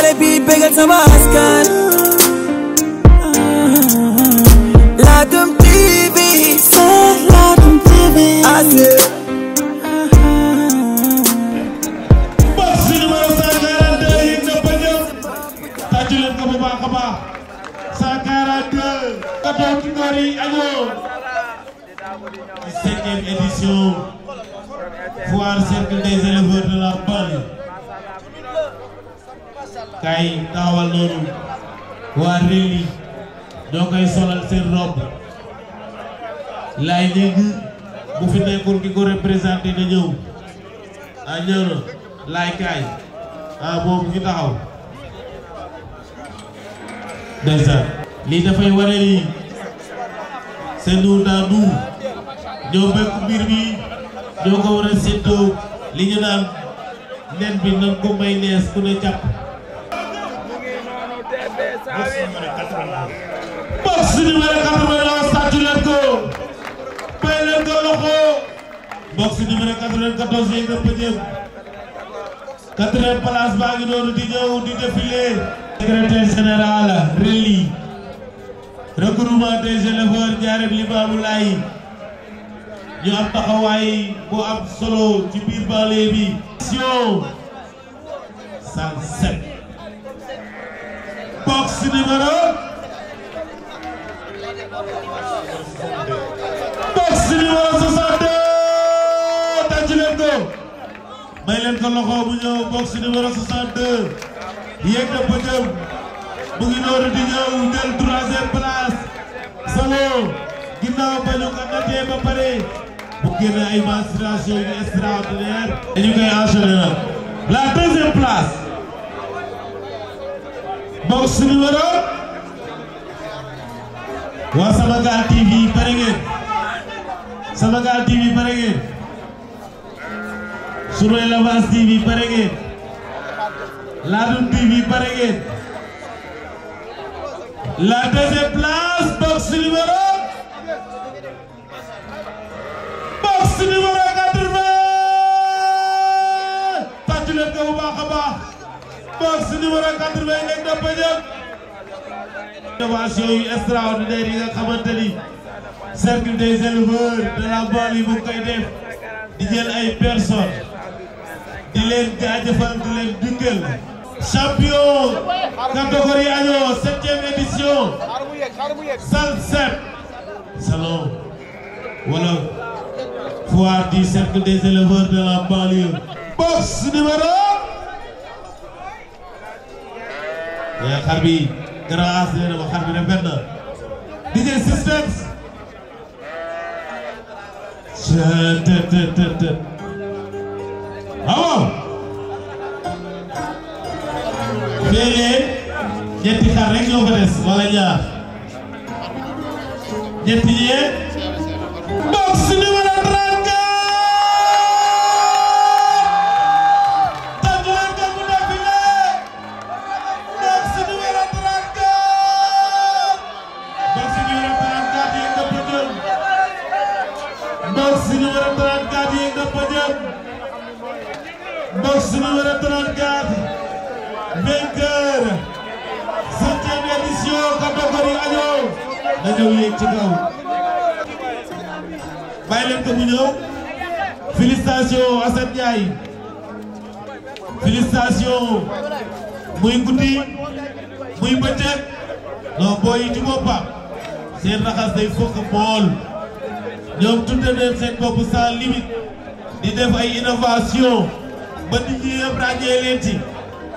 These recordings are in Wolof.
télé bi bégal sama askan Ladoum TV c'est Ladoum TV Cinquième édition, foire cercle des éleveurs de la banlieue kay taawal noonu waa réew yi doo koy solal seen robe lay léegi bu fi nekkul ki ko représenté na ñëw a ñëw laay kaay a boobu ngi taxaw ndeysaan lii dafay wane ni c'est nous dans nous ñoo bëgg mbir mi ñoo ko war a séddoo li ñu naan nen bi nan ko may nees ku ne jàpp box numéro 91 tàccu leen ko bay leen ko loxo box numéro 94 yéeg na pëjëm quatrième place baa ngi noonu di ñëw di défilé secrétaire général Réli regroupement des éleveurs Ndiarème Limamou Laye ñu am taxawaay bu am solo ci biir banlieue bi sion 107 Pape Sidi Mara Pape Sidi Mara 62 tàcc loxo bu ñëw Pape Sidi Mara 62 yegg na ba jëm di ñëw jël troisième place solo ginnaaw ba ñu ko natee ba pare bu génne ay menstruations yu extraordinaire dañu koy enchaîner la deuxième place. box numéro waa Samagal TV pare ngeen TV pare ngeen sunu TV pare ngeen TV pare ngeen la deuxième place box numéro box numéro quatre-vingt tàcc leen ko bu box numéro quatre-vingt làmb ja innovation yu extraordinaire yi nga xamante ni cercle des éleveurs de la banlieue bu koy def di jël ay personnes di leen jaajëfal di leen dundal champion catégorie agneau septième édition Salsep salon wala foire du cercle des éleveurs de la banlieue box numéro Eh, xar bi grâce nee na ma xar bi rafet na DJ Systems të të të të waaw féeree ñetti xar rek ñoo fa des wala ñaar ñetti yee sunu numéro 34 vainqueur septième édition catégorie agneau na ñëw yéeg ci kaw bàyyi leen ko mu ñëw félicitations Assane Ndiaye félicitations muy guddi muy bëccëg non booy yi seen raxas day fokk mool ñoom tudde neen seen bopp sans limite di def ay innovation ba nit ñi yëpp ràññee leen ci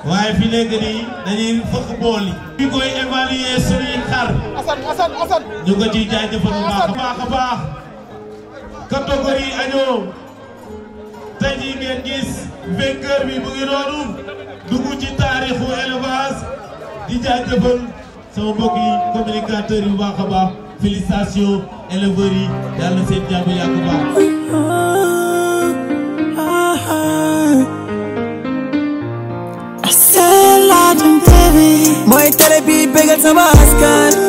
waaye fi léegi nii dañuy fëkk bool yi. ñu koy évaluer suñuy xar. ñu ko ciy jaajëfal bu baax baax baax. catégorie agneau. tey jii ngeen gis vainqueur bi mu ngi noonu ci taarixu élevage di jaajëfal sama mbokki communicateur bu baax a baax félicitations éleveurs yi yàlla seen jàmm yàgg télé bi bégal sama askan